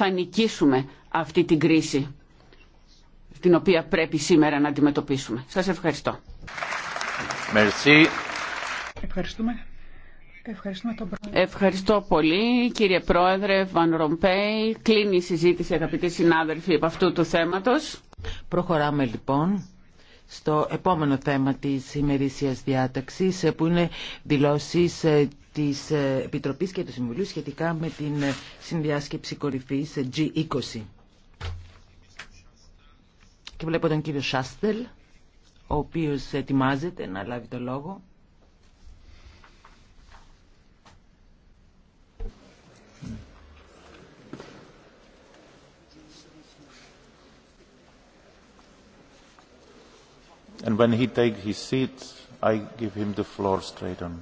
θα νικήσουμε αυτή την κρίση την οποία πρέπει σήμερα να αντιμετωπίσουμε. Σας ευχαριστώ. Merci. Ευχαριστούμε. Ευχαριστούμε τον Ευχαριστώ πολύ κύριε Πρόεδρε Βαν Ρομπέη. Κλείνει η συζήτηση αγαπητοί συνάδελφοι από αυτού του θέματος. Προχωράμε λοιπόν στο επόμενο θέμα της ημερήσιας διάταξης που είναι δηλώσεις ε, της ε, Επιτροπής και του Συμβουλίου σχετικά με την ε, συνδιάσκεψη κορυφής ε, G20. Και βλέπω τον κύριο Σάστελ, ο οποίος ετοιμάζεται να λάβει το λόγο. And when he takes his seat, I give him the floor straight on.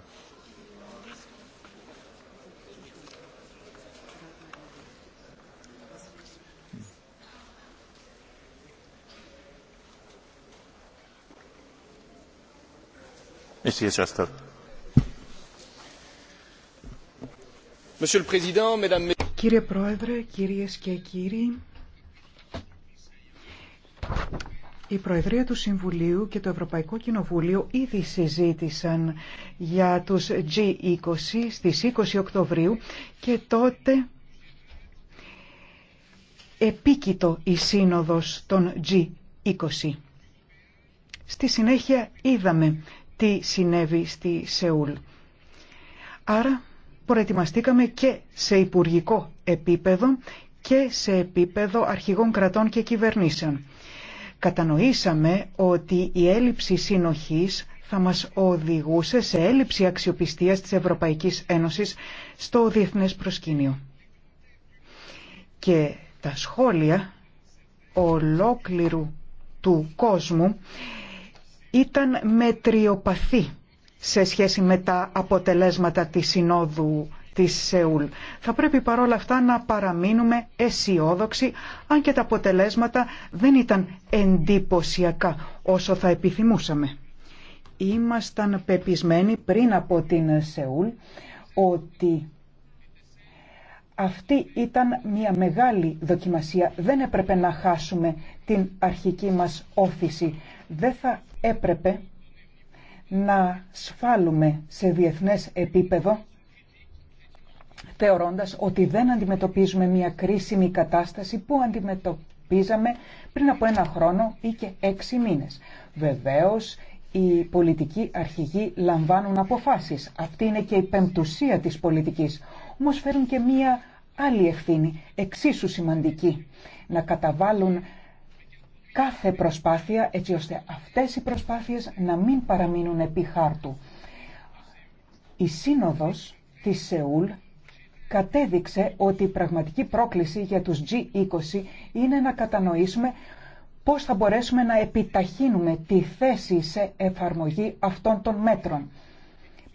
Κύριε Πρόεδρε, κυρίες και κύριοι, η Προεδρία του Συμβουλίου και το Ευρωπαϊκό Κοινοβούλιο ήδη συζήτησαν για τους G20 στις 20 Οκτωβρίου και τότε επίκειτο η σύνοδος των G20. Στη συνέχεια είδαμε τι συνέβη στη Σεούλ. Άρα προετοιμαστήκαμε και σε υπουργικό επίπεδο και σε επίπεδο αρχηγών κρατών και κυβερνήσεων. Κατανοήσαμε ότι η έλλειψη συνοχής θα μας οδηγούσε σε έλλειψη αξιοπιστίας της Ευρωπαϊκής Ένωσης στο διεθνές προσκήνιο. Και τα σχόλια ολόκληρου του κόσμου ήταν μετριοπαθή σε σχέση με τα αποτελέσματα της Συνόδου της Σεούλ. Θα πρέπει παρόλα αυτά να παραμείνουμε αισιόδοξοι, αν και τα αποτελέσματα δεν ήταν εντυπωσιακά όσο θα επιθυμούσαμε. Ήμασταν πεπισμένοι πριν από την Σεούλ ότι αυτή ήταν μια μεγάλη δοκιμασία. Δεν έπρεπε να χάσουμε την αρχική μας όθηση δεν θα έπρεπε να σφάλουμε σε διεθνές επίπεδο θεωρώντας ότι δεν αντιμετωπίζουμε μια κρίσιμη κατάσταση που αντιμετωπίζαμε πριν από ένα χρόνο ή και έξι μήνες. Βεβαίως, οι πολιτικοί αρχηγοί λαμβάνουν αποφάσεις. Αυτή είναι και η πεμπτουσία της πολιτικής. Όμως φέρουν και μία άλλη ευθύνη, εξίσου σημαντική. Να καταβάλουν κάθε προσπάθεια έτσι ώστε αυτές οι προσπάθειες να μην παραμείνουν επί χάρτου. Η σύνοδος της Σεούλ κατέδειξε ότι η πραγματική πρόκληση για τους G20 είναι να κατανοήσουμε πώς θα μπορέσουμε να επιταχύνουμε τη θέση σε εφαρμογή αυτών των μέτρων.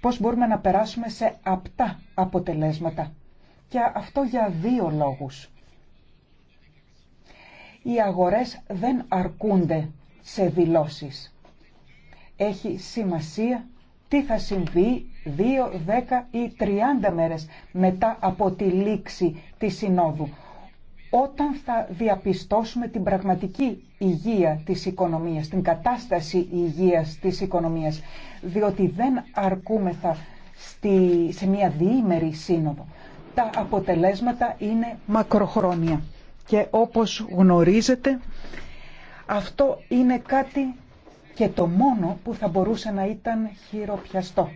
Πώς μπορούμε να περάσουμε σε απτά αποτελέσματα. Και αυτό για δύο λόγους οι αγορές δεν αρκούνται σε δηλώσεις. Έχει σημασία τι θα συμβεί 2, 10 ή 30 μέρες μετά από τη λήξη της Συνόδου, όταν θα διαπιστώσουμε την πραγματική υγεία της οικονομίας, την κατάσταση υγείας της οικονομίας, διότι δεν αρκούμεθα στη, σε μια διήμερη σύνοδο. Τα αποτελέσματα είναι μακροχρόνια και όπως γνωρίζετε αυτό είναι κάτι και το μόνο που θα μπορούσε να ήταν χειροπιαστό.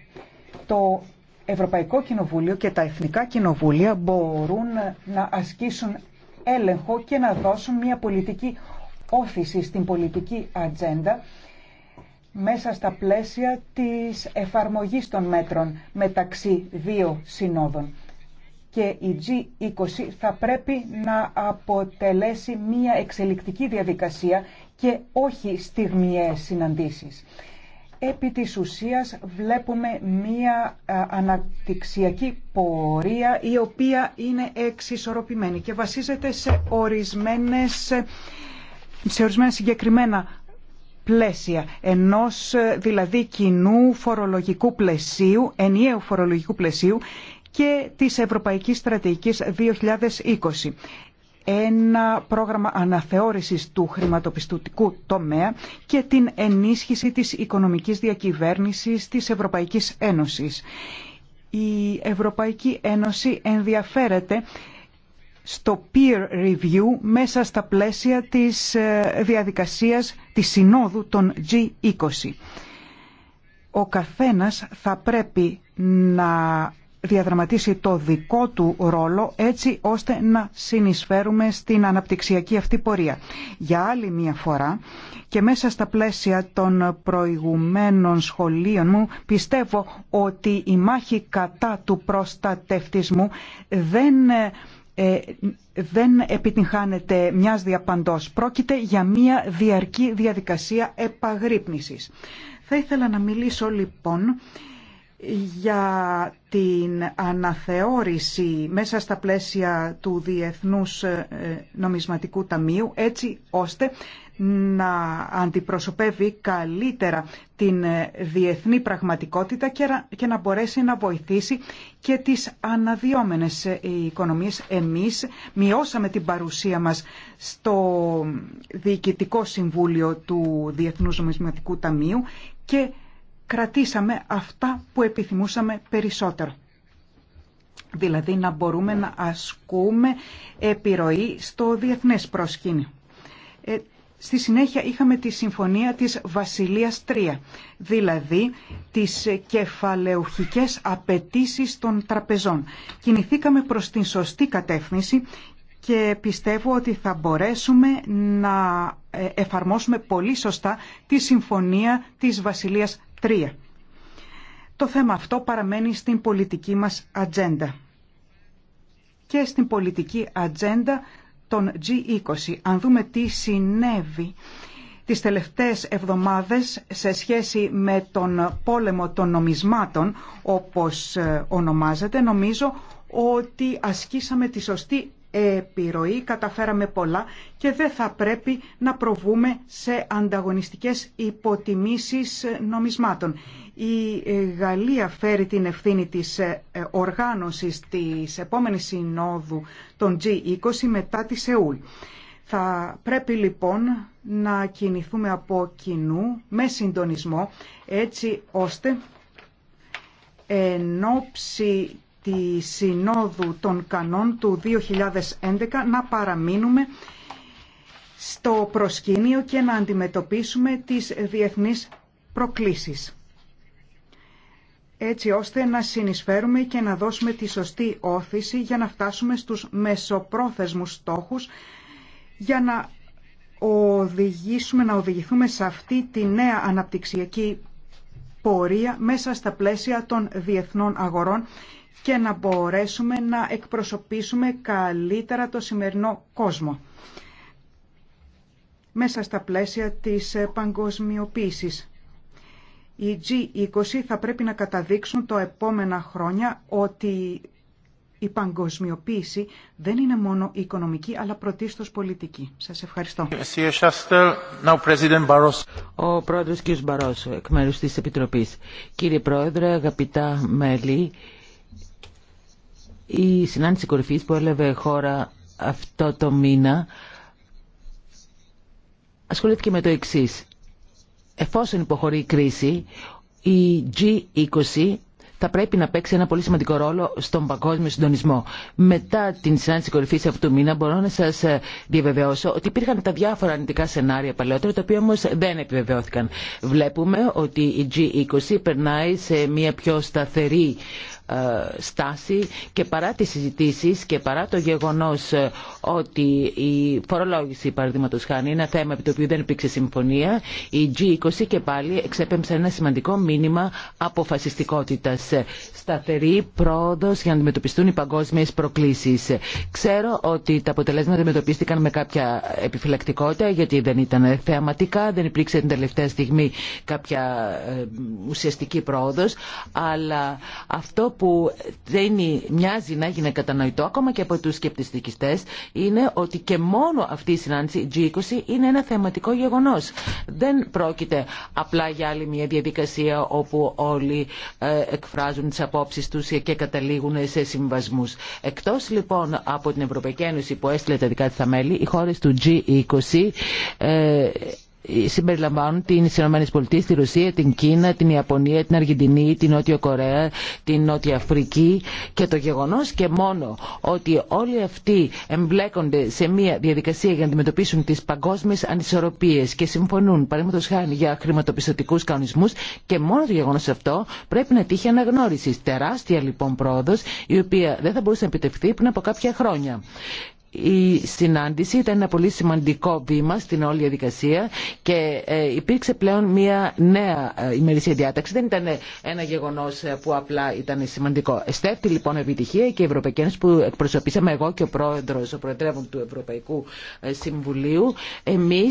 Το Ευρωπαϊκό Κοινοβούλιο και τα Εθνικά Κοινοβούλια μπορούν να ασκήσουν έλεγχο και να δώσουν μια πολιτική όθηση στην πολιτική ατζέντα μέσα στα πλαίσια της εφαρμογής των μέτρων μεταξύ δύο συνόδων και η G20 θα πρέπει να αποτελέσει μία εξελικτική διαδικασία και όχι στιγμιαίες συναντήσεις. Επί της ουσίας βλέπουμε μία αναπτυξιακή πορεία η οποία είναι εξισορροπημένη και βασίζεται σε, ορισμένες, σε ορισμένα συγκεκριμένα πλαίσια, ενός ε, δηλαδή κοινού φορολογικού πλαισίου, ενιαίου φορολογικού πλαισίου και της Ευρωπαϊκής Στρατηγικής 2020 ένα πρόγραμμα αναθεώρησης του χρηματοπιστωτικού τομέα και την ενίσχυση της οικονομικής διακυβέρνησης της Ευρωπαϊκής Ένωσης. Η Ευρωπαϊκή Ένωση ενδιαφέρεται στο peer review μέσα στα πλαίσια της ε, διαδικασίας της Συνόδου των G20. Ο καθένας θα πρέπει να διαδραματίσει το δικό του ρόλο έτσι ώστε να συνεισφέρουμε στην αναπτυξιακή αυτή πορεία. Για άλλη μία φορά και μέσα στα πλαίσια των προηγουμένων σχολείων μου πιστεύω ότι η μάχη κατά του προστατευτισμού δεν ε, ε, δεν επιτυγχάνεται μιας διαπαντός. Πρόκειται για μια διαρκή διαδικασία επαγρύπνησης. Θα ήθελα να μιλήσω λοιπόν για την αναθεώρηση μέσα στα πλαίσια του Διεθνούς ε, Νομισματικού Ταμείου έτσι ώστε να αντιπροσωπεύει καλύτερα την ε, διεθνή πραγματικότητα και να μπορέσει να βοηθήσει και τις αναδυόμενες ε, οικονομίες. Εμείς μειώσαμε την παρουσία μας στο Διοικητικό Συμβούλιο του Διεθνούς Νομισματικού Ταμείου και κρατήσαμε αυτά που επιθυμούσαμε περισσότερο. Δηλαδή να μπορούμε να ασκούμε επιρροή στο διεθνές προσκήνιο. Ε, στη συνέχεια είχαμε τη συμφωνία της Βασιλείας Τρία. δηλαδή τις κεφαλαιοχικές απαιτήσεις των τραπεζών. Κινηθήκαμε προς την σωστή κατεύθυνση και πιστεύω ότι θα μπορέσουμε να ε, εφαρμόσουμε πολύ σωστά τη Συμφωνία της Βασιλείας 3. Το θέμα αυτό παραμένει στην πολιτική μας ατζέντα και στην πολιτική ατζέντα των G20. Αν δούμε τι συνέβη τις τελευταίες εβδομάδες σε σχέση με τον πόλεμο των νομισμάτων, όπως ε, ονομάζεται, νομίζω ότι ασκήσαμε τη σωστή επιρροή, καταφέραμε πολλά και δεν θα πρέπει να προβούμε σε ανταγωνιστικές υποτιμήσεις νομισμάτων. Η ε, Γαλλία φέρει την ευθύνη της ε, ε, οργάνωσης της επόμενης συνόδου των G20 μετά τη Σεούλ. Θα πρέπει λοιπόν να κινηθούμε από κοινού με συντονισμό έτσι ώστε εν τη Συνόδου των Κανών του 2011 να παραμείνουμε στο προσκήνιο και να αντιμετωπίσουμε τις διεθνείς προκλήσεις έτσι ώστε να συνεισφέρουμε και να δώσουμε τη σωστή όθηση για να φτάσουμε στους μεσοπρόθεσμους στόχους για να οδηγήσουμε, να οδηγηθούμε σε αυτή τη νέα αναπτυξιακή πορεία μέσα στα πλαίσια των διεθνών αγορών και να μπορέσουμε να εκπροσωπήσουμε καλύτερα το σημερινό κόσμο μέσα στα πλαίσια της παγκοσμιοποίησης. Οι G20 θα πρέπει να καταδείξουν το επόμενα χρόνια ότι η παγκοσμιοποίηση δεν είναι μόνο οικονομική αλλά πρωτίστως πολιτική. Σας ευχαριστώ. Ο πρόεδρος κ. Μπαρός, εκ μέρους της Επιτροπής. Κύριε Πρόεδρε, αγαπητά μέλη, η συνάντηση κορυφής που έλαβε χώρα αυτό το μήνα ασχολήθηκε με το εξής. Εφόσον υποχωρεί η κρίση, η G20 θα πρέπει να παίξει ένα πολύ σημαντικό ρόλο στον παγκόσμιο συντονισμό. Μετά την συνάντηση κορυφής αυτού του μήνα, μπορώ να σας ε, διαβεβαιώσω ότι υπήρχαν τα διάφορα αρνητικά σενάρια παλαιότερα, τα οποία όμω δεν επιβεβαιώθηκαν. Βλέπουμε ότι η G20 περνάει σε μια πιο σταθερή ε, στάση και παρά τις συζητήσεις και παρά το γεγονός ε, ότι η φορολόγηση παραδείγματος χάνει ένα θέμα επί το οποίο δεν υπήρξε συμφωνία η G20 και πάλι εξέπεμψε ένα σημαντικό μήνυμα αποφασιστικότητας ε, σταθερή πρόοδος για να αντιμετωπιστούν οι παγκόσμιες προκλήσεις ξέρω ότι τα αποτελέσματα αντιμετωπίστηκαν με κάποια επιφυλακτικότητα γιατί δεν ήταν θεαματικά δεν υπήρξε την τελευταία στιγμή κάποια ουσιαστική πρόοδος αλλά αυτό που δεν μοιάζει να γίνει κατανοητό ακόμα και από τους σκεπτιστικιστές είναι ότι και μόνο αυτή η συνάντηση G20 είναι ένα θεματικό γεγονός. Δεν πρόκειται απλά για άλλη μια διαδικασία όπου όλοι ε, εκφράζουν τις απόψεις τους και καταλήγουν σε συμβασμούς. Εκτός λοιπόν από την Ευρωπαϊκή Ένωση που έστειλε τα δικά της τα μέλη, οι χώρες του G20 ε, ε, συμπεριλαμβάνουν τι ΗΠΑ, τη Ρωσία, την Κίνα, την Ιαπωνία, την Αργεντινή, την Νότια Κορέα, την Νότια Αφρική και το γεγονό και μόνο ότι όλοι αυτοί εμπλέκονται σε μια διαδικασία για να αντιμετωπίσουν τι παγκόσμιε ανισορροπίε και συμφωνούν, παραδείγματο χάρη, για χρηματοπιστωτικού κανονισμού και μόνο το γεγονό αυτό πρέπει να τύχει αναγνώριση. Τεράστια λοιπόν πρόοδο, η οποία δεν θα μπορούσε να επιτευχθεί πριν από κάποια χρόνια η συνάντηση ήταν ένα πολύ σημαντικό βήμα στην όλη διαδικασία και ε, υπήρξε πλέον μια νέα ε, ημερήσια διάταξη. Δεν ήταν ένα γεγονό ε, που απλά ήταν σημαντικό. Εστέφτη λοιπόν επιτυχία και οι Ένωση που εκπροσωπήσαμε εγώ και ο πρόεδρο, ο προεδρεύων του Ευρωπαϊκού Συμβουλίου, εμεί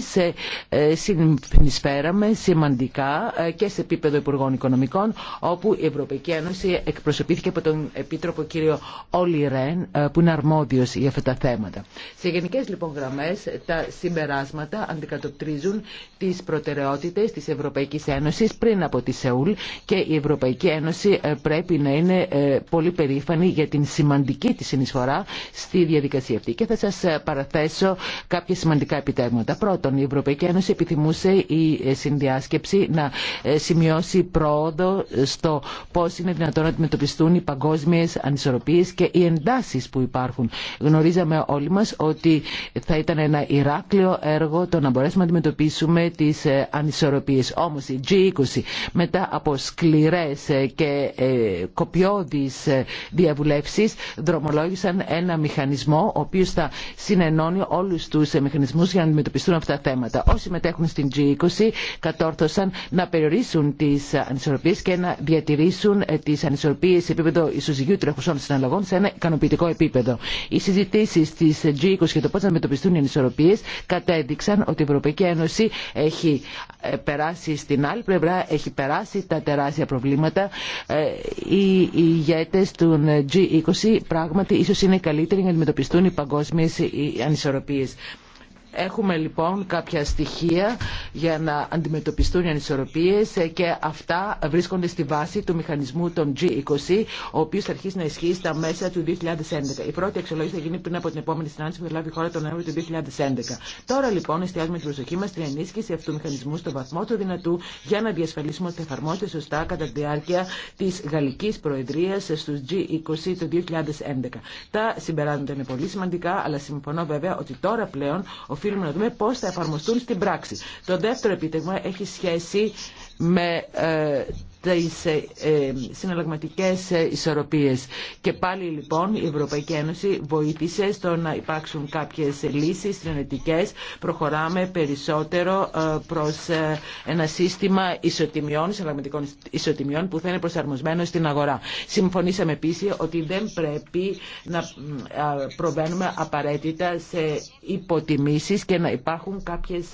συνεισφέραμε σημαντικά και σε επίπεδο Υπουργών Οικονομικών, όπου η Ευρωπαϊκή Ένωση εκπροσωπήθηκε από τον Επίτροπο κύριο Όλι Ρεν, που είναι αρμόδιο για αυτά τα θέματα. Σε γενικέ λοιπόν γραμμέ, τα συμπεράσματα αντικατοπτρίζουν τι προτεραιότητε τη Ευρωπαϊκή Ένωση πριν από τη Σεούλ και η Ευρωπαϊκή Ένωση ε, πρέπει να είναι ε, πολύ περήφανη για την σημαντική τη συνεισφορά στη διαδικασία αυτή. Και θα σα ε, παραθέσω κάποια σημαντικά επιτεύγματα. Πρώτον, η Ευρωπαϊκή Ένωση επιθυμούσε η συνδιάσκεψη να σημειώσει πρόοδο στο πώ είναι δυνατόν να αντιμετωπιστούν οι παγκόσμιε ανισορροπίε και οι εντάσει που υπάρχουν. Γνωρίζαμε όλοι μας ότι θα ήταν ένα Ηράκλειο έργο το να μπορέσουμε να αντιμετωπίσουμε τις ε, ανισορροπίες. Όμως η G20 μετά από σκληρές ε, και ε, κοπιώδεις διαβουλεύσεις δρομολόγησαν ένα μηχανισμό ο οποίος θα συνενώνει όλους τους μηχανισμούς για να αντιμετωπιστούν αυτά τα θέματα. Όσοι μετέχουν στην G20 κατόρθωσαν να περιορίσουν τις ανισορροπίες και να διατηρήσουν τις ανισορροπίες σε επίπεδο ισοζυγίου τρεχουσών συναλλαγών σε ένα ικανοποιητικό επίπεδο. Οι της G20 και το πώς να αντιμετωπιστούν οι ανισορροπίες κατέδειξαν ότι η Ευρωπαϊκή Ένωση έχει ε, περάσει στην άλλη πλευρά, έχει περάσει τα τεράστια προβλήματα. Ε, οι ηγέτες των G20 πράγματι ίσως είναι καλύτεροι για να αντιμετωπιστούν οι παγκόσμιες ανισορροπίες. Έχουμε λοιπόν κάποια στοιχεία για να αντιμετωπιστούν οι ανισορροπίες και αυτά βρίσκονται στη βάση του μηχανισμού των G20, ο οποίο θα αρχίσει να ισχύει στα μέσα του 2011. Η πρώτη αξιολόγηση θα γίνει πριν από την επόμενη συνάντηση που θα λάβει η χώρα τον Νοέμβριο του 2011. Τώρα λοιπόν εστιάζουμε την προσοχή μα στην ενίσχυση αυτού του μηχανισμού στο βαθμό του δυνατού για να διασφαλίσουμε ότι θα εφαρμόζεται σωστά κατά τη διάρκεια τη Γαλλική Προεδρία στου G20 το 2011. Τα συμπεράσματα είναι πολύ σημαντικά, αλλά συμφωνώ βέβαια ότι τώρα πλέον οφείλουμε να δούμε πώς θα εφαρμοστούν στην πράξη. Το δεύτερο επίτευγμα έχει σχέση με ε, τις ε, ε, συναλλαγματικές ισορροπίες. Και πάλι λοιπόν η Ευρωπαϊκή Ένωση βοήθησε στο να υπάρξουν κάποιες λύσεις συνενετικές. Προχωράμε περισσότερο ε, προς ένα σύστημα ισοτιμιών, συναλλαγματικών ισοτιμιών που θα είναι προσαρμοσμένο στην αγορά. Συμφωνήσαμε επίσης ότι δεν πρέπει να προβαίνουμε απαραίτητα σε υποτιμήσεις και να υπάρχουν κάποιες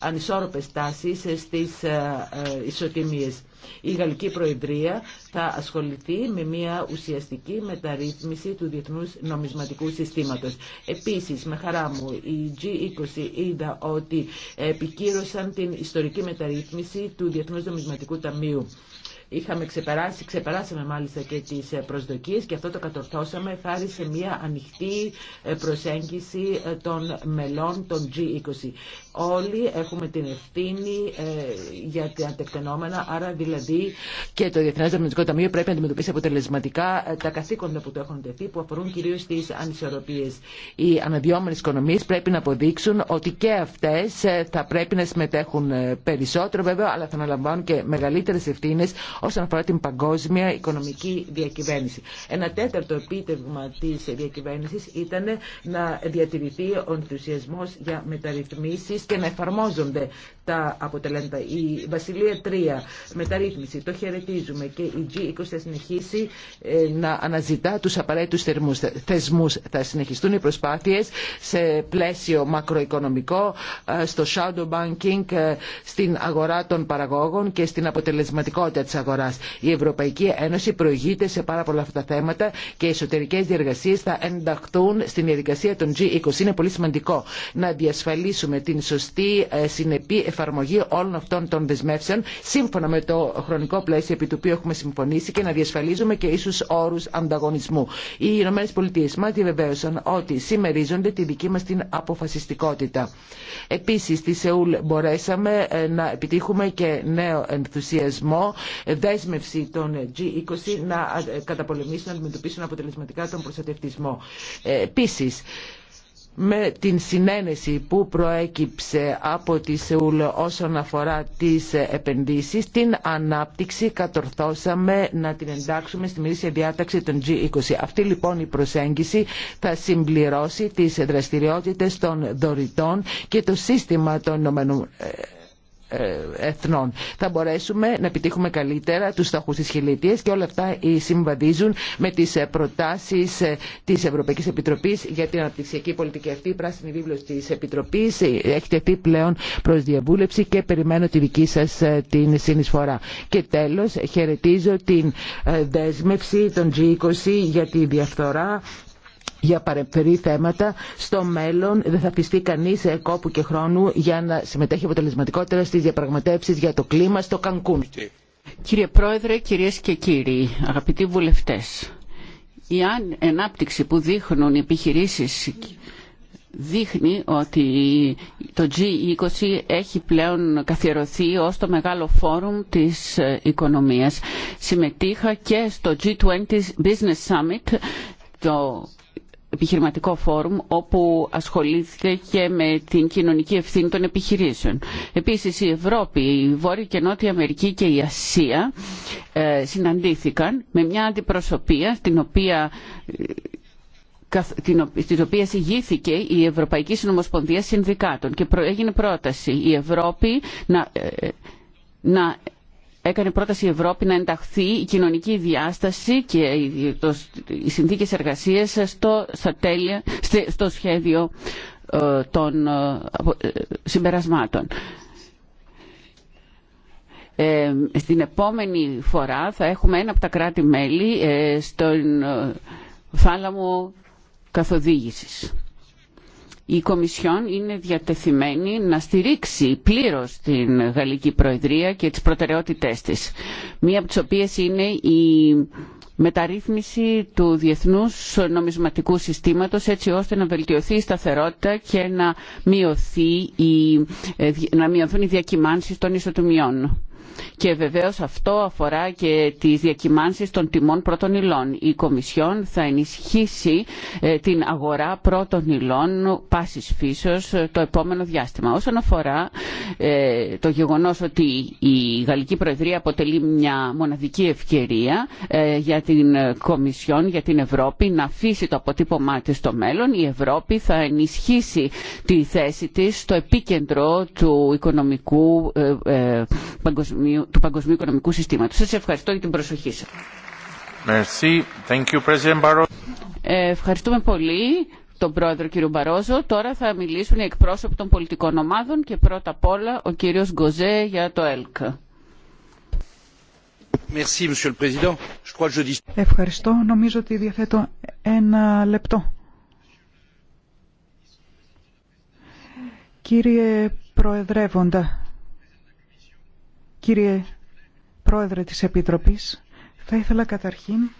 ανισόρροπες τάσεις στις ισοτιμίες. Η Γαλλική Προεδρία θα ασχοληθεί με μια ουσιαστική μεταρρύθμιση του διεθνούς νομισματικού συστήματος. Επίσης, με χαρά μου, η G20 είδα ότι επικύρωσαν την ιστορική μεταρρύθμιση του Διεθνούς Νομισματικού Ταμείου. Είχαμε ξεπεράσει, ξεπεράσαμε μάλιστα και τις προσδοκίες και αυτό το κατορθώσαμε χάρη σε μια ανοιχτή προσέγγιση των μελών των G20. Όλοι έχουμε την ευθύνη ε, για τα τεκτενόμενα, άρα δηλαδή και το Διεθνές Ταμείο πρέπει να αντιμετωπίσει αποτελεσματικά ε, τα καθήκοντα που του έχουν τεθεί, που αφορούν κυρίω τις ανισορροπίες. Οι αναδυόμενε οικονομίε πρέπει να αποδείξουν ότι και αυτέ ε, θα πρέπει να συμμετέχουν περισσότερο, βέβαια, αλλά θα αναλαμβάνουν και μεγαλύτερες ευθύνε όσον αφορά την παγκόσμια οικονομική διακυβέρνηση. Ένα τέταρτο επίτευγμα τη διακυβέρνηση ήταν να διατηρηθεί ο ενθουσιασμό για μεταρρυθμίσει και να εφαρμόζονται τα αποτελέσματα. Η Βασιλεία 3 μεταρρύθμιση, το χαιρετίζουμε και η G20 θα συνεχίσει ε, να αναζητά τους απαραίτητους θεσμούς. Θα συνεχιστούν οι προσπάθειες σε πλαίσιο μακροοικονομικό, ε, στο shadow banking, ε, στην αγορά των παραγόγων και στην αποτελεσματικότητα της αγοράς. Η Ευρωπαϊκή Ένωση προηγείται σε πάρα πολλά αυτά τα θέματα και οι εσωτερικές διεργασίες θα ενταχθούν στην διαδικασία των G20. Είναι πολύ σημαντικό να διασφαλίσουμε την σωστή ε, συνεπή εφαρμογή όλων αυτών των δεσμεύσεων σύμφωνα με το χρονικό πλαίσιο επί του οποίου έχουμε συμφωνήσει και να διασφαλίζουμε και ίσους όρου ανταγωνισμού. Οι ΗΠΑ Πολιτείε μα διαβεβαίωσαν ότι συμμερίζονται τη δική μα την αποφασιστικότητα. Επίση, στη Σεούλ μπορέσαμε ε, να επιτύχουμε και νέο ενθουσιασμό, δέσμευση των G20 να ε, καταπολεμήσουν, να αντιμετωπίσουν αποτελεσματικά τον προστατευτισμό. Επίσης, με την συνένεση που προέκυψε από τη Σεούλ όσον αφορά τις επενδύσεις, την ανάπτυξη κατορθώσαμε να την εντάξουμε στη μερίσια διάταξη των G20. Αυτή λοιπόν η προσέγγιση θα συμπληρώσει τις δραστηριότητες των δωρητών και το σύστημα των Ηνωμένων ε, εθνών. Θα μπορέσουμε να επιτύχουμε καλύτερα τους στόχους της χιλίτιας και όλα αυτά συμβαδίζουν με τις ε, προτάσεις ε, της Ευρωπαϊκής Επιτροπής για την αναπτυξιακή πολιτική αυτή. Η πράσινη βίβλος της Επιτροπής έχει τεθεί πλέον προς διαβούλευση και περιμένω τη δική σας την συνεισφορά. Και τέλος χαιρετίζω την δέσμευση των G20 για τη διαφθορά για παρεμφερή θέματα στο μέλλον δεν θα πιστεί κανείς ε, κόπου και χρόνου για να συμμετέχει αποτελεσματικότερα στις διαπραγματεύσεις για το κλίμα στο Κανκούν. Κύριε Πρόεδρε, κυρίες και κύριοι, αγαπητοί βουλευτές, η ανάπτυξη που δείχνουν οι επιχειρήσεις δείχνει ότι το G20 έχει πλέον καθιερωθεί ως το μεγάλο φόρουμ της ε, οικονομίας. Συμμετείχα και στο G20 Business Summit το επιχειρηματικό φόρουμ όπου ασχολήθηκε και με την κοινωνική ευθύνη των επιχειρήσεων. Επίσης η Ευρώπη, η Βόρεια και Νότια Αμερική και η Ασία ε, συναντήθηκαν με μια αντιπροσωπεία στην οποία ε, στην οποία συγγύθηκε η Ευρωπαϊκή Συνομοσπονδία Συνδικάτων και έγινε πρόταση η Ευρώπη να ε, έκανε πρόταση η Ευρώπη να ενταχθεί η κοινωνική διάσταση και οι συνθήκες εργασίας στο, στα στο σχέδιο ε, των ε, ε, συμπερασμάτων. στην επόμενη φορά θα έχουμε ένα από τα κράτη-μέλη στον φάλαμο καθοδήγησης η Κομισιόν είναι διατεθειμένη να στηρίξει πλήρως την Γαλλική Προεδρία και τις προτεραιότητές της. Μία από τις οποίες είναι η μεταρρύθμιση του διεθνούς νομισματικού συστήματος έτσι ώστε να βελτιωθεί η σταθερότητα και να, μειωθούν οι διακυμάνσεις των ισοτιμιών και βεβαίως αυτό αφορά και τις διακυμάνσεις των τιμών πρώτων υλών. Η Κομισιόν θα ενισχύσει ε, την αγορά πρώτων υλών πάσης φύσεως ε, το επόμενο διάστημα. Όσον αφορά ε, το γεγονός ότι η Γαλλική Προεδρία αποτελεί μια μοναδική ευκαιρία για την Κομισιόν, για την Ευρώπη να αφήσει το αποτύπωμά της στο μέλλον. Η Ευρώπη θα ενισχύσει τη θέση της στο επίκεντρο του οικονομικού του Παγκοσμίου Οικονομικού Συστήματος. Σας ευχαριστώ για την προσοχή σας. Merci. Thank you, President ε, ευχαριστούμε πολύ τον πρόεδρο κύριο Μπαρόζο. Τώρα θα μιλήσουν οι εκπρόσωποι των πολιτικών ομάδων και πρώτα απ' όλα ο κύριος Γκοζέ για το ΕΛΚ. Ευχαριστώ. Νομίζω ότι διαθέτω ένα λεπτό. Κύριε Προεδρεύοντα, Κύριε Πρόεδρε της Επιτροπής, θα ήθελα καταρχήν,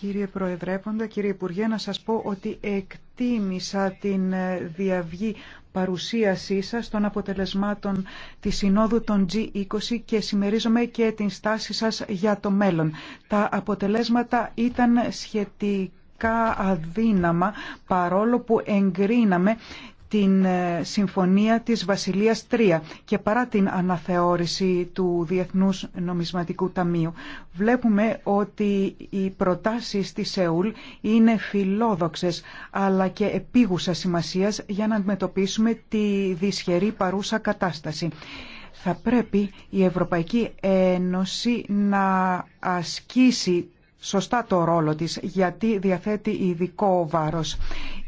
κύριε Προεδρέποντα, κύριε Υπουργέ, να σας πω ότι εκτίμησα την ε, διαυγή παρουσίασή σας των αποτελεσμάτων της Συνόδου των G20 και συμμερίζομαι και την στάση σας για το μέλλον. Τα αποτελέσματα ήταν σχετικά αδύναμα παρόλο που εγκρίναμε την ε, Συμφωνία της Βασιλείας 3 και παρά την αναθεώρηση του Διεθνούς Νομισματικού Ταμείου. Βλέπουμε ότι οι προτάσεις της σεούλ είναι φιλόδοξες αλλά και επίγουσα σημασίας για να αντιμετωπίσουμε τη δυσχερή παρούσα κατάσταση θα πρέπει η Ευρωπαϊκή Ένωση να ασκήσει σωστά το ρόλο της γιατί διαθέτει ειδικό βάρος.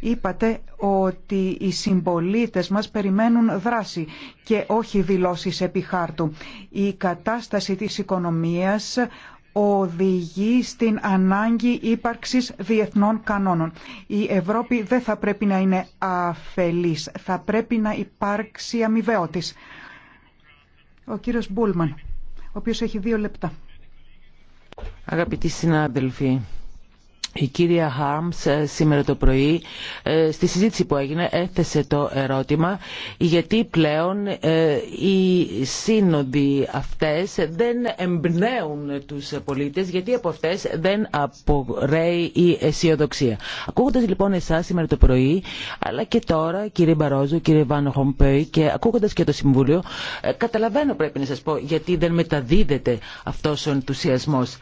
Είπατε ότι οι συμπολίτες μας περιμένουν δράση και όχι δηλώσεις επί χάρτου. Η κατάσταση της οικονομίας οδηγεί στην ανάγκη ύπαρξης διεθνών κανόνων. Η Ευρώπη δεν θα πρέπει να είναι αφελής, θα πρέπει να υπάρξει αμοιβαιότης. Ο κύριος Μπούλμαν, ο οποίος έχει δύο λεπτά. Αγαπητοί συνάδελφοι, η κυρία Χάρμς ε, σήμερα το πρωί ε, στη συζήτηση που έγινε έθεσε το ερώτημα γιατί πλέον ε, οι σύνοδοι αυτές δεν εμπνέουν τους πολίτες γιατί από αυτές δεν απορρέει η αισιοδοξία. Ακούγοντας λοιπόν εσάς σήμερα το πρωί αλλά και τώρα κύριε Μπαρόζο, κύριε Βάνο Χομπέι και ακούγοντας και το Συμβούλιο καταλαβαίνω πρέπει να σας πω γιατί δεν μεταδίδεται αυτός ο ενθουσιασμός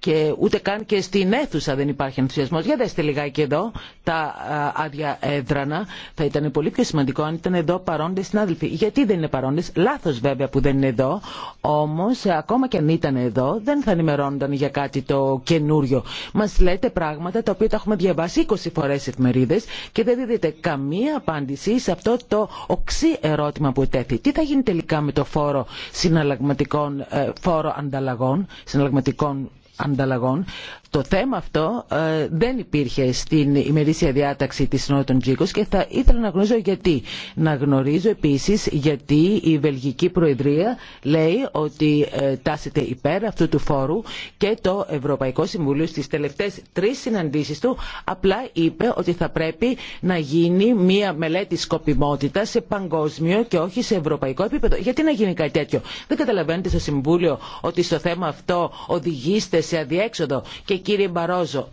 και ούτε καν και στην αίθουσα δεν υπάρχει ενθουσιασμό, Για δέστε λιγάκι εδώ τα άδεια έδρανα. Θα ήταν πολύ πιο σημαντικό αν ήταν εδώ παρόντε συνάδελφοι. Γιατί δεν είναι παρόντε, λάθο βέβαια που δεν είναι εδώ. Όμω, ε, ακόμα και αν ήταν εδώ δεν θα ενημερώνονταν για κάτι το καινούριο. Μα λέτε πράγματα τα οποία τα έχουμε διαβάσει 20 φορέ εφημερίδε και δεν δίδεται καμία απάντηση σε αυτό το οξύ ερώτημα που ετέθη. Τι θα γίνει τελικά με το φόρο συναλλαγματικών, ε, φόρο ανταλλαγών, συναλλαγματικών ανταλλαγών το θέμα αυτό ε, δεν υπήρχε στην ημερήσια διάταξη της Συνόδου των και θα ήθελα να γνωρίζω γιατί. Να γνωρίζω επίσης γιατί η Βελγική Προεδρία λέει ότι ε, τάσεται υπέρ αυτού του φόρου και το Ευρωπαϊκό Συμβούλιο στις τελευταίες τρεις συναντήσεις του απλά είπε ότι θα πρέπει να γίνει μία μελέτη σκοπιμότητα σε παγκόσμιο και όχι σε ευρωπαϊκό επίπεδο. Γιατί να γίνει κάτι τέτοιο. Δεν καταλαβαίνετε στο Συμβούλιο ότι στο θέμα αυτό οδηγείστε σε αδιέξοδο και κύριε Μπαρόζο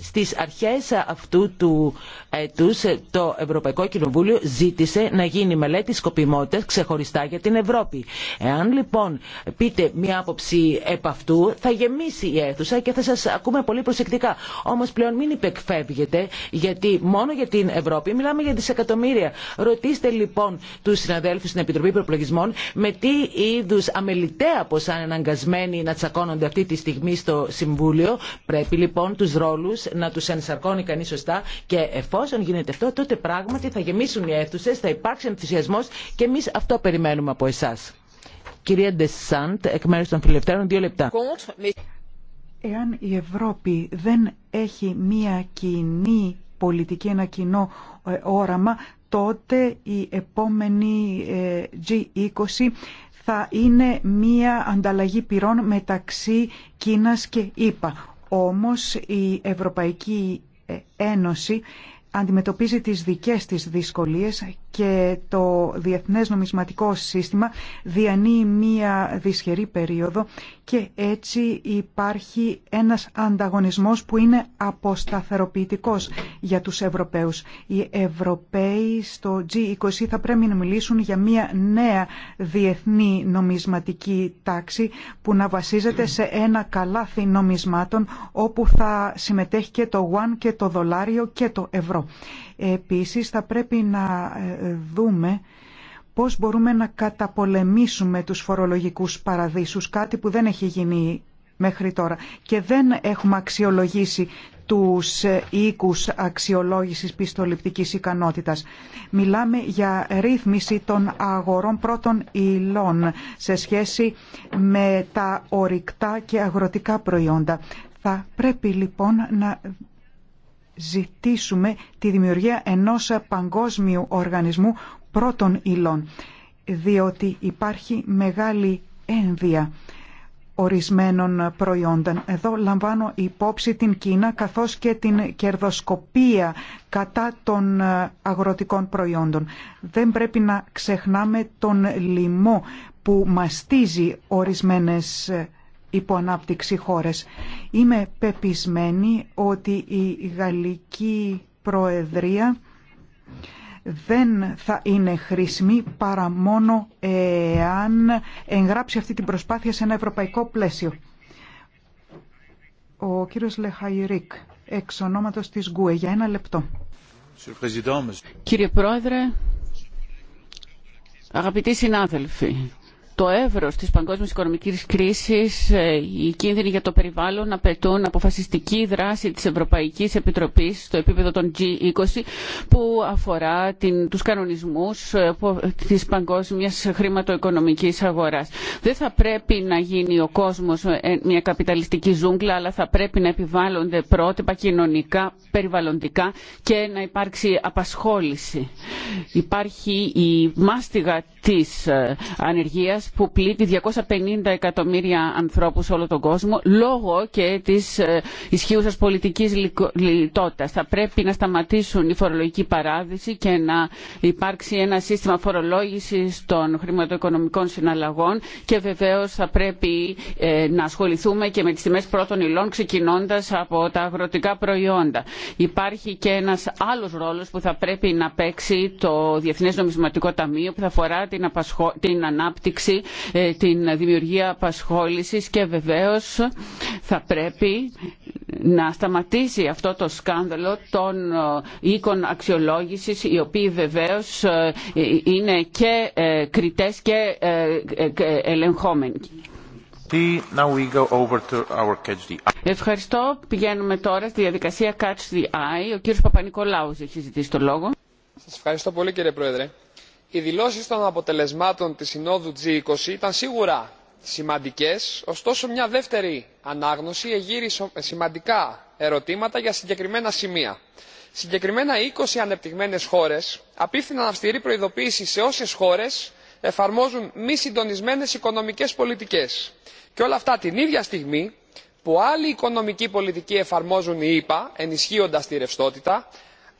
στις αρχές αυτού του έτους το Ευρωπαϊκό Κοινοβούλιο ζήτησε να γίνει μελέτη σκοπιμότητας ξεχωριστά για την Ευρώπη. Εάν λοιπόν πείτε μια άποψη επ' αυτού θα γεμίσει η αίθουσα και θα σας ακούμε πολύ προσεκτικά. Όμως πλέον μην υπεκφεύγετε γιατί μόνο για την Ευρώπη μιλάμε για δισεκατομμύρια. Ρωτήστε λοιπόν τους συναδέλφους στην Επιτροπή Προπλογισμών με τι είδους αμεληταία ποσά είναι αναγκασμένοι να τσακώνονται αυτή τη στιγμή στο Συμβούλιο. Πρέπει λοιπόν τους ρόλους να του ενσαρκώνει κανεί σωστά και εφόσον γίνεται αυτό, τότε πράγματι θα γεμίσουν οι αίθουσε, θα υπάρξει ενθουσιασμό και εμεί αυτό περιμένουμε από εσά. Κυρία Ντεσάντ, εκ μέρου των Φιλελευθέρων, δύο λεπτά. Εάν η Ευρώπη δεν έχει μία κοινή πολιτική, ένα κοινό ε, όραμα, τότε η επόμενη ε, G20 θα είναι μία ανταλλαγή πυρών μεταξύ Κίνας και ΗΠΑ. Όμως η Ευρωπαϊκή Ένωση αντιμετωπίζει τις δικές της δυσκολίες και το Διεθνές Νομισματικό Σύστημα διανύει μία δυσχερή περίοδο και έτσι υπάρχει ένας ανταγωνισμός που είναι αποσταθεροποιητικός για τους Ευρωπαίους. Οι Ευρωπαίοι στο G20 θα πρέπει να μιλήσουν για μία νέα διεθνή νομισματική τάξη που να βασίζεται σε ένα καλάθι νομισμάτων όπου θα συμμετέχει και το One και το δολάριο και το ευρώ. Επίσης θα πρέπει να ε, δούμε πώς μπορούμε να καταπολεμήσουμε τους φορολογικούς παραδείσους, κάτι που δεν έχει γίνει μέχρι τώρα και δεν έχουμε αξιολογήσει τους οίκους αξιολόγησης πιστοληπτικής ικανότητας. Μιλάμε για ρύθμιση των αγορών πρώτων υλών σε σχέση με τα ορυκτά και αγροτικά προϊόντα. Θα πρέπει λοιπόν να ζητήσουμε τη δημιουργία ενός παγκόσμιου οργανισμού πρώτων υλών, διότι υπάρχει μεγάλη ένδυα ορισμένων προϊόντων. Εδώ λαμβάνω υπόψη την Κίνα καθώς και την κερδοσκοπία κατά των ε, αγροτικών προϊόντων. Δεν πρέπει να ξεχνάμε τον λοιμό που μαστίζει ορισμένες ε, υποανάπτυξη χώρες. Είμαι πεπισμένη ότι η Γαλλική Προεδρία δεν θα είναι χρήσιμη παρά μόνο εάν εγγράψει αυτή την προσπάθεια σε ένα ευρωπαϊκό πλαίσιο. Ο κύριος Λεχαϊρίκ, εξ ονόματος της ΓΚΟΕ, για ένα λεπτό. Κύριε Πρόεδρε, αγαπητοί συνάδελφοι, το εύρος της παγκόσμιας οικονομικής κρίσης, ε, οι κίνδυνοι για το περιβάλλον απαιτούν αποφασιστική δράση της Ευρωπαϊκής Επιτροπής στο επίπεδο των G20 που αφορά την, τους κανονισμούς ε, της παγκόσμιας χρηματοοικονομικής αγοράς. Δεν θα πρέπει να γίνει ο κόσμος ε, μια καπιταλιστική ζούγκλα, αλλά θα πρέπει να επιβάλλονται πρότυπα κοινωνικά, περιβαλλοντικά και να υπάρξει απασχόληση. Υπάρχει η μάστιγα της ανεργίας που πλήττει 250 εκατομμύρια ανθρώπους σε όλο τον κόσμο λόγω και της ε, ισχύουσας πολιτικής λιτότητας. Θα πρέπει να σταματήσουν οι φορολογικοί παράδεισοι και να υπάρξει ένα σύστημα φορολόγησης των χρηματοοικονομικών συναλλαγών και βεβαίως θα πρέπει ε, να ασχοληθούμε και με τις τιμές πρώτων υλών ξεκινώντας από τα αγροτικά προϊόντα. Υπάρχει και ένας άλλος ρόλος που θα πρέπει να παίξει το Διεθνές Νομισματικό Ταμείο που θα αφορά την, ανάπτυξη ε, την δημιουργία απασχόλησης και βεβαίως θα πρέπει να σταματήσει αυτό το σκάνδαλο των ε, οίκων αξιολόγησης οι οποίοι βεβαίως ε, είναι και κριτές και ελεγχόμενοι. Ευχαριστώ. Πηγαίνουμε τώρα στη διαδικασία Catch the Eye. Ο κυριος Παπανικολάου έχει ζητήσει το λόγο. Σας ευχαριστώ πολύ κύριε Πρόεδρε οι δηλώσει των αποτελεσμάτων της συνόδου g 20 ήταν σίγουρα σημαντικές ωστόσο μια δεύτερη ανάγνωση εγείρει σημαντικά ερωτήματα για συγκεκριμένα σημεία. συγκεκριμένα είκοσι ανεπτυγμένες χώρες απίφθηναν αυστηρή προειδοποίηση σε όσε χώρες εφαρμόζουν μη συντονισμένες οικονομικές πολιτικέ και όλα αυτά την ίδια στιγμή που άλλη οικονομική πολιτική εφαρμόζουν οι ηπα ενισχύοντα τη ρευστότητα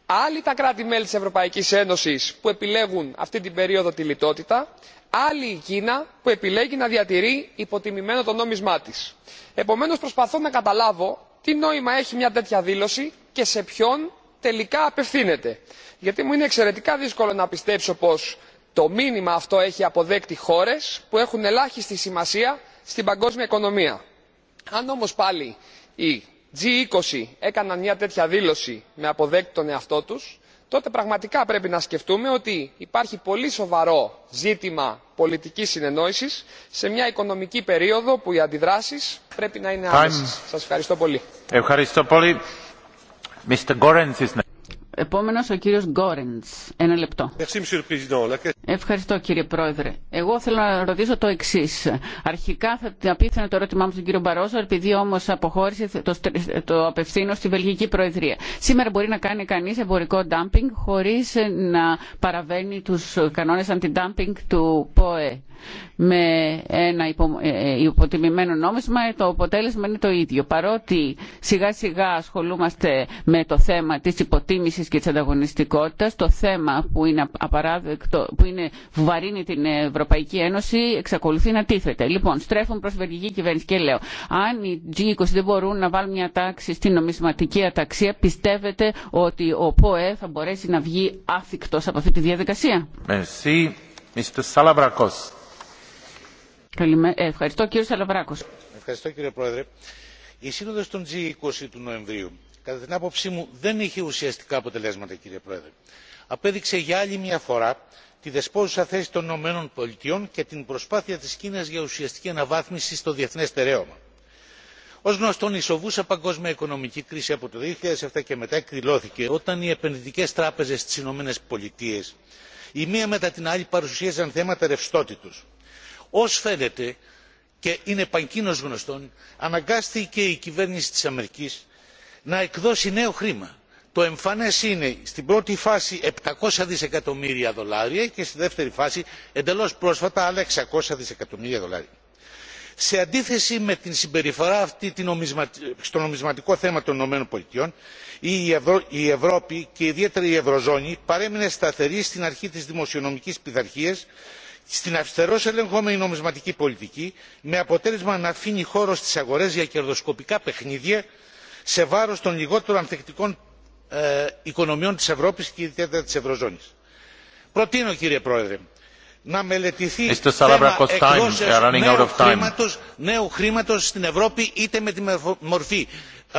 άλλοι τα κράτη μέλη της ευρωπαϊκής ένωσης που επιλέγουν αυτή την περίοδο τη λιτότητα άλλοι η κίνα που επιλέγει να διατηρεί υποτιμημένο το νόμισμά της. επομένως προσπαθώ να καταλάβω τι νόημα έχει μια τέτοια δήλωση και σε ποιον τελικά απευθύνεται γιατί μου είναι εξαιρετικά δύσκολο να πιστέψω πως το μήνυμα αυτό έχει αποδέκτη χώρες που έχουν ελάχιστη σημασία στην παγκόσμια οικονομία. αν όμως πάλι η G20 έκαναν μια τέτοια δήλωση με αποδέκτη τον εαυτό του, τότε πραγματικά πρέπει να σκεφτούμε ότι υπάρχει πολύ σοβαρό ζήτημα πολιτικής συνεννόησης σε μια οικονομική περίοδο που οι αντιδράσεις πρέπει να είναι άμεσε. Σας ευχαριστώ πολύ. Επόμενος ο κύριος Γκόρεντς. Ένα λεπτό. Ευχαριστώ κύριε Πρόεδρε. Εγώ θέλω να ρωτήσω το εξή. Αρχικά θα απίθανε το ερώτημά μου στον κύριο Μπαρόζο, επειδή όμω αποχώρησε το, το απευθύνω στη Βελγική Προεδρία. Σήμερα μπορεί να κάνει κανεί εμπορικό ντάμπινγκ χωρί να παραβαίνει του κανόνε αντιντάμπινγκ του ΠΟΕ. Με ένα ε, ε, υποτιμημένο νόμισμα το αποτέλεσμα είναι το ίδιο. Παρότι σιγά σιγά ασχολούμαστε με το θέμα τη υποτίμηση και της ανταγωνιστικότητας. Το θέμα που είναι, απαράδεκτο, που είναι βαρύνει την Ευρωπαϊκή Ένωση εξακολουθεί να τίθεται. Λοιπόν, στρέφουν προς βελγική κυβέρνηση και λέω, αν οι G20 δεν μπορούν να βάλουν μια τάξη στην νομισματική αταξία, πιστεύετε ότι ο ΠΟΕ θα μπορέσει να βγει άφικτος από αυτή τη διαδικασία. Merci. Mr. Ε, ευχαριστώ κύριε Σαλαβράκος. Ευχαριστώ κύριε Πρόεδρε. Η σύνοδος των G20 του Νοεμβρίου κατά την άποψή μου δεν είχε ουσιαστικά αποτελέσματα κύριε πρόεδρε. απέδειξε για άλλη μια φορά τη δεσπόζουσα θέση των ηνωμένων πολιτειών και την προσπάθεια της κίνας για ουσιαστική αναβάθμιση στο διεθνές στερέωμα. ω γνωστόν η σοβούσα παγκόσμια οικονομική κρίση από το 2007 και μετά εκδηλώθηκε όταν οι επενδυτικές τράπεζες στις ηνωμένες πολιτείες η μία μετά την άλλη παρουσίαζαν θέματα ρευστότητος. ως φαίνεται και είναι παγκίνως γνωστόν αναγκάστηκε η κυβέρνηση της αμερικής να εκδώσει νέο χρήμα. το εμφανές είναι στην πρώτη φάση 700 δισεκατομμύρια δολάρια και στη δεύτερη φάση εντελώς πρόσφατα άλλα 600 δισεκατομμύρια δολάρια. σε αντίθεση με την συμπεριφορά αυτή στο νομισματικό θέμα των ηπα η ευρώπη και ιδιαίτερα η ευρωζώνη παρέμεινε σταθερή στην αρχή της δημοσιονομικής πειθαρχίας στην αυστερώς ελεγχόμενη νομισματική πολιτική με αποτέλεσμα να αφήνει χώρο στις αγορές για κερδοσκοπικά παιχνίδια σε βάρος των λιγότερων ανθεκτικών ε, οικονομιών της Ευρώπης και ιδιαίτερα της Ευρωζώνης. Προτείνω κύριε Πρόεδρε να μελετηθεί το θέμα εκδόσεως νέου χρήματος, νέου χρήματος στην Ευρώπη είτε με τη μορφή ε,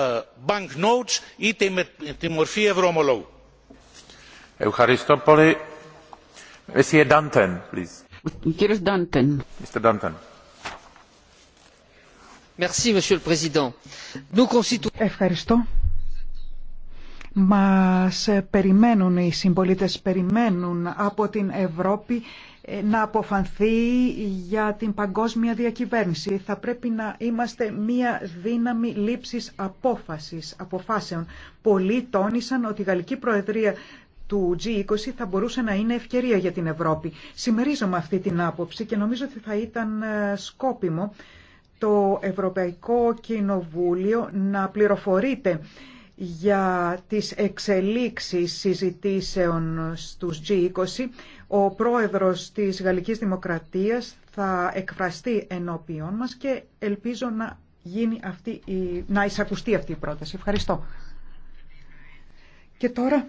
ε, bank notes είτε με τη μορφή ευρωομολόγου. Ευχαριστώ πολύ. please. Mr. Ευχαριστώ. Μας περιμένουν οι συμπολίτες, περιμένουν από την Ευρώπη ε, να αποφανθεί για την παγκόσμια διακυβέρνηση. Θα πρέπει να είμαστε μία δύναμη λήψης απόφασης, αποφάσεων. Πολλοί τόνισαν ότι η Γαλλική Προεδρία του G20 θα μπορούσε να είναι ευκαιρία για την Ευρώπη. Συμμερίζομαι αυτή την άποψη και νομίζω ότι θα ήταν ε, σκόπιμο το Ευρωπαϊκό Κοινοβούλιο να πληροφορείται για τις εξελίξεις συζητήσεων στους G20. Ο πρόεδρος της Γαλλικής Δημοκρατίας θα εκφραστεί ενώπιον μας και ελπίζω να, γίνει αυτή η... να εισακουστεί αυτή η πρόταση. Ευχαριστώ. Και τώρα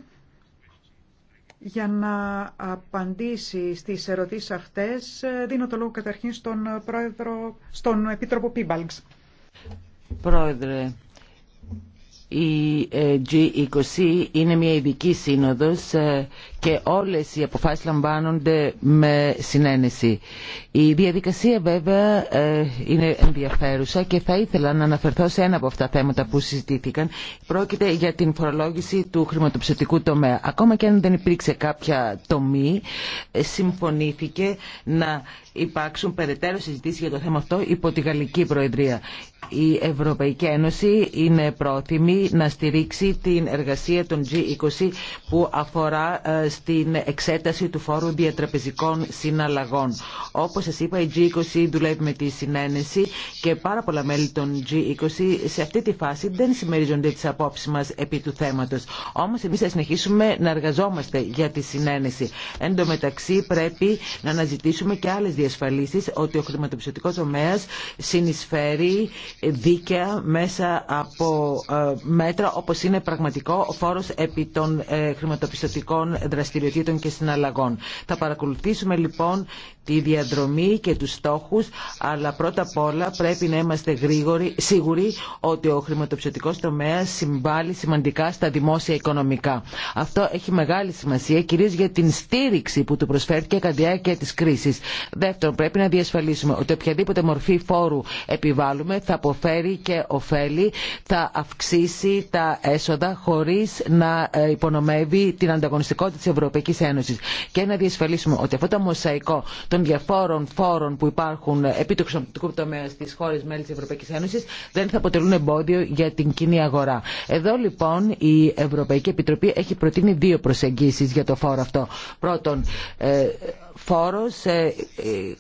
για να απαντήσει στις ερωτήσεις αυτές, δίνω το λόγο καταρχήν στον, πρόεδρο, στον Επίτροπο Πίμπαλξ. Πρόεδρε, η ε, G20 είναι μια ειδική σύνοδος ε, και όλες οι αποφάσεις λαμβάνονται με συνένεση. Η διαδικασία βέβαια ε, είναι ενδιαφέρουσα και θα ήθελα να αναφερθώ σε ένα από αυτά τα θέματα που συζητήθηκαν. Πρόκειται για την φορολόγηση του χρηματοψηφιστικού τομέα. Ακόμα και αν δεν υπήρξε κάποια τομή, ε, συμφωνήθηκε να υπάρξουν περαιτέρω συζητήσεις για το θέμα αυτό υπό τη Γαλλική Προεδρία. Η Ευρωπαϊκή Ένωση είναι πρόθυμη να στηρίξει την εργασία των G20 που αφορά ε, στην εξέταση του φόρου διατραπεζικών συναλλαγών. Όπως σας είπα, η G20 δουλεύει με τη συνένεση και πάρα πολλά μέλη των G20 σε αυτή τη φάση δεν συμμερίζονται τις απόψεις μας επί του θέματος. Όμως εμείς θα συνεχίσουμε να εργαζόμαστε για τη συνένεση. Εν τω μεταξύ πρέπει να αναζητήσουμε και άλλες διασφαλίσεις ότι ο χρηματοπιστωτικός τομέα συνεισφέρει δίκαια μέσα από ε, μέτρα όπως είναι πραγματικό φόρος επί των ε, χρηματοπιστωτικών δραστηριοτήτων δραστηριοτήτων και συναλλαγών. Θα παρακολουθήσουμε λοιπόν τη διαδρομή και τους στόχους, αλλά πρώτα απ' όλα πρέπει να είμαστε γρήγοροι, σίγουροι ότι ο χρηματοψηφιακός τομέας συμβάλλει σημαντικά στα δημόσια οικονομικά. Αυτό έχει μεγάλη σημασία, κυρίως για την στήριξη που του προσφέρθηκε κατά διάρκεια της κρίσης. Δεύτερον, πρέπει να διασφαλίσουμε ότι οποιαδήποτε μορφή φόρου επιβάλλουμε θα αποφέρει και ωφέλει, θα αυξήσει τα έσοδα χωρίς να ε, υπονομεύει την ανταγωνιστικότητα της Ευρωπαϊκής Ένωσης και να διασφαλίσουμε ότι αυτό το μοσαϊκό των διαφόρων φόρων που υπάρχουν επί του εξωτερικού τομέα στις χώρες μέλη της Ευρωπαϊκής Ένωσης δεν θα αποτελούν εμπόδιο για την κοινή αγορά. Εδώ λοιπόν η Ευρωπαϊκή Επιτροπή έχει προτείνει δύο προσεγγίσεις για το φόρο αυτό. Πρώτον, ε, φόρος ε, ε,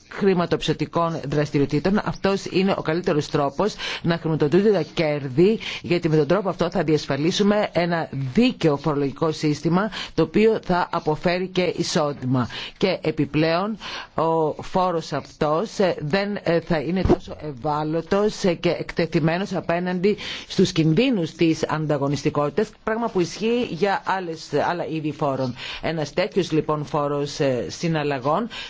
χρηματοψητικών δραστηριοτήτων. Αυτός είναι ο καλύτερος τρόπος να χρηματοδοτούνται τα κέρδη γιατί με τον τρόπο αυτό θα διασφαλίσουμε ένα δίκαιο φορολογικό σύστημα το οποίο θα αποφέρει και εισόδημα. Και επιπλέον ο φόρος αυτός ε, δεν θα είναι τόσο ευάλωτος και εκτεθειμένος απέναντι στους κινδύνους της ανταγωνιστικότητας, πράγμα που ισχύει για άλλα είδη φόρων. Ένας τέτοιος λοιπόν φόρος συναλλαγών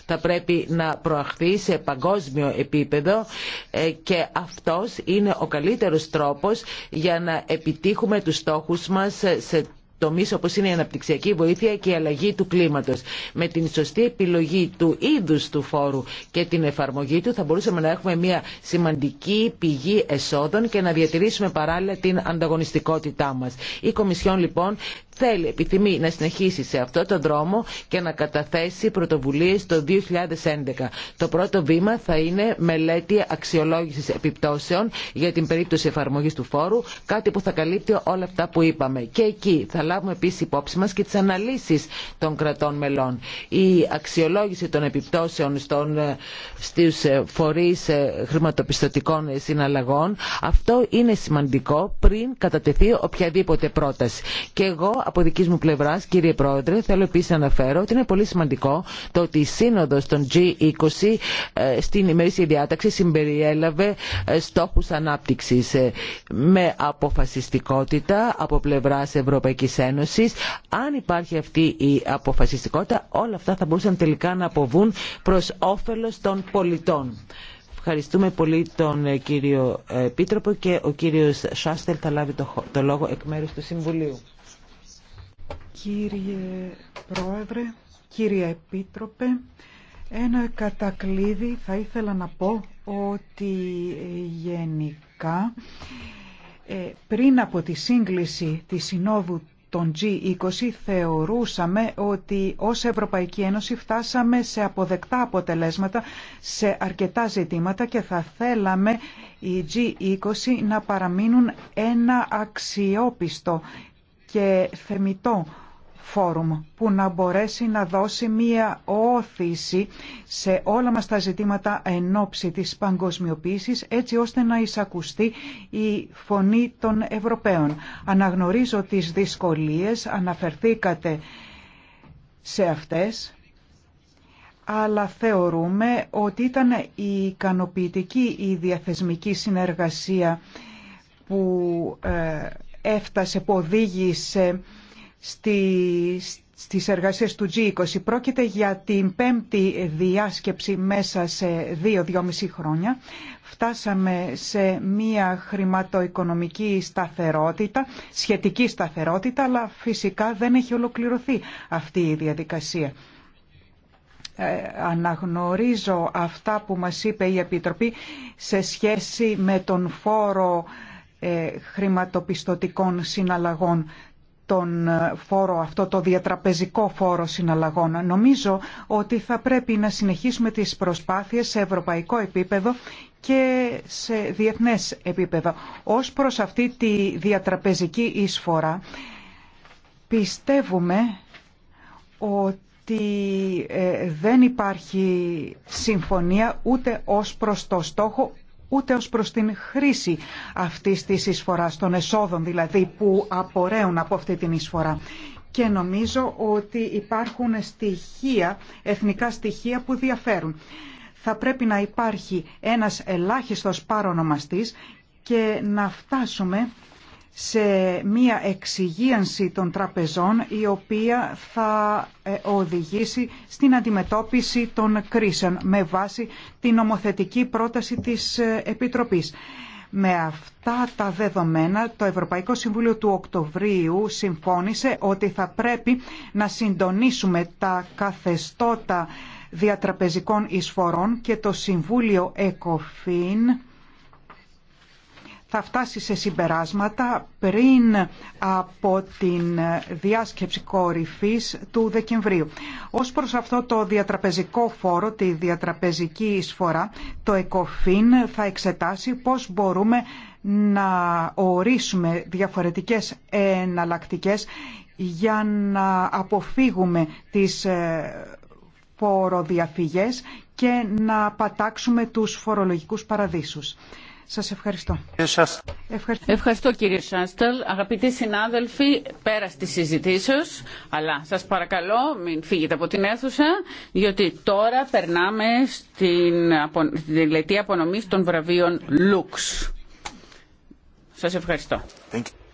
θα πρέπει να προαχθεί σε παγκόσμιο επίπεδο ε, και αυτός είναι ο καλύτερος τρόπος για να επιτύχουμε τους στόχους μας σε τομείς όπως είναι η αναπτυξιακή βοήθεια και η αλλαγή του κλίματος. Με την σωστή επιλογή του είδους του φόρου και την εφαρμογή του θα μπορούσαμε να έχουμε μια σημαντική πηγή εσόδων και να διατηρήσουμε παράλληλα την ανταγωνιστικότητά μας. Η Κομισιόν λοιπόν θέλει, επιθυμεί να συνεχίσει σε αυτό το δρόμο και να καταθέσει πρωτοβουλίες το 2011. Το πρώτο βήμα θα είναι μελέτη αξιολόγησης επιπτώσεων για την περίπτωση εφαρμογής του φόρου, κάτι που θα καλύπτει όλα αυτά που είπαμε. Και εκεί θα λάβουμε επίσης υπόψη μας και τις αναλύσεις των κρατών μελών. Η αξιολόγηση των επιπτώσεων στον, ε, στους ε, φορείς ε, χρηματοπιστωτικών συναλλαγών, αυτό είναι σημαντικό πριν κατατεθεί οποιαδήποτε πρόταση. Και εγώ από δική μου πλευρά, κύριε Πρόεδρε, θέλω επίση να αναφέρω ότι είναι πολύ σημαντικό το ότι η σύνοδο των G20 ε, στην ημερήσια διάταξη συμπεριέλαβε ε, στόχου ανάπτυξη ε, με αποφασιστικότητα από πλευρά Ευρωπαϊκή Ένωση. Αν υπάρχει αυτή η αποφασιστικότητα, όλα αυτά θα μπορούσαν τελικά να αποβούν προ όφελο των πολιτών. Ευχαριστούμε πολύ τον κύριο Πίτροπο και ο κύριος Σάστελ θα λάβει το λόγο εκ μέρους του Συμβουλίου. Κύριε Πρόεδρε, κύριε Επίτροπε, ένα κατακλείδι θα ήθελα να πω ότι γενικά ε, πριν από τη σύγκληση της Συνόδου των G20 θεωρούσαμε ότι ως Ευρωπαϊκή Ένωση φτάσαμε σε αποδεκτά αποτελέσματα σε αρκετά ζητήματα και θα θέλαμε οι G20 να παραμείνουν ένα αξιόπιστο και θεμητό φόρουμ που να μπορέσει να δώσει μία όθηση σε όλα μας τα ζητήματα εν ώψη της παγκοσμιοποίησης έτσι ώστε να εισακουστεί η φωνή των Ευρωπαίων. Αναγνωρίζω τις δυσκολίες, αναφερθήκατε σε αυτές αλλά θεωρούμε ότι ήταν η ικανοποιητική η διαθεσμική συνεργασία που ε, έφτασε, που οδήγησε στις, στις εργασίες του G20. Πρόκειται για την πέμπτη διάσκεψη μέσα σε δύο-δυόμιση χρόνια. Φτάσαμε σε μία χρηματοοικονομική σταθερότητα, σχετική σταθερότητα, αλλά φυσικά δεν έχει ολοκληρωθεί αυτή η διαδικασία. Ε, αναγνωρίζω αυτά που μας είπε η Επιτροπή σε σχέση με τον φόρο ε, χρηματοπιστωτικών συναλλαγών τον ε, φόρο αυτό, το διατραπεζικό φόρο συναλλαγών. Νομίζω ότι θα πρέπει να συνεχίσουμε τις προσπάθειες σε ευρωπαϊκό επίπεδο και σε διεθνές επίπεδο. Ως προς αυτή τη διατραπεζική εισφορά πιστεύουμε ότι ότι ε, δεν υπάρχει συμφωνία ούτε ως προς το στόχο ούτε ως προς την χρήση αυτής της εισφοράς, των εσόδων δηλαδή που απορρέουν από αυτή την εισφορά. Και νομίζω ότι υπάρχουν στοιχεία, εθνικά στοιχεία που διαφέρουν. Θα πρέπει να υπάρχει ένας ελάχιστος παρονομαστής και να φτάσουμε σε μία εξυγίανση των τραπεζών η οποία θα ε, οδηγήσει στην αντιμετώπιση των κρίσεων με βάση την νομοθετική πρόταση της ε, Επιτροπής. Με αυτά τα δεδομένα το Ευρωπαϊκό Συμβούλιο του Οκτωβρίου συμφώνησε ότι θα πρέπει να συντονίσουμε τα καθεστώτα διατραπεζικών εισφορών και το Συμβούλιο ΕΚΟΦΗΝ θα φτάσει σε συμπεράσματα πριν από την διάσκεψη κορυφής του Δεκεμβρίου. Ως προς αυτό το διατραπεζικό φόρο, τη διατραπεζική εισφορά, το ΕΚΟΦΗΝ θα εξετάσει πώς μπορούμε να ορίσουμε διαφορετικές εναλλακτικές για να αποφύγουμε τις ε, φοροδιαφυγές και να πατάξουμε τους φορολογικούς παραδείσους. Σας ευχαριστώ. Ευχαριστώ, ευχαριστώ κύριε Σάστελ. Αγαπητοί συνάδελφοι, πέρα τη συζητήσεις, αλλά σας παρακαλώ μην φύγετε από την αίθουσα, διότι τώρα περνάμε στην, στην τελετή απονομής των βραβείων Λουξ. Σας ευχαριστώ.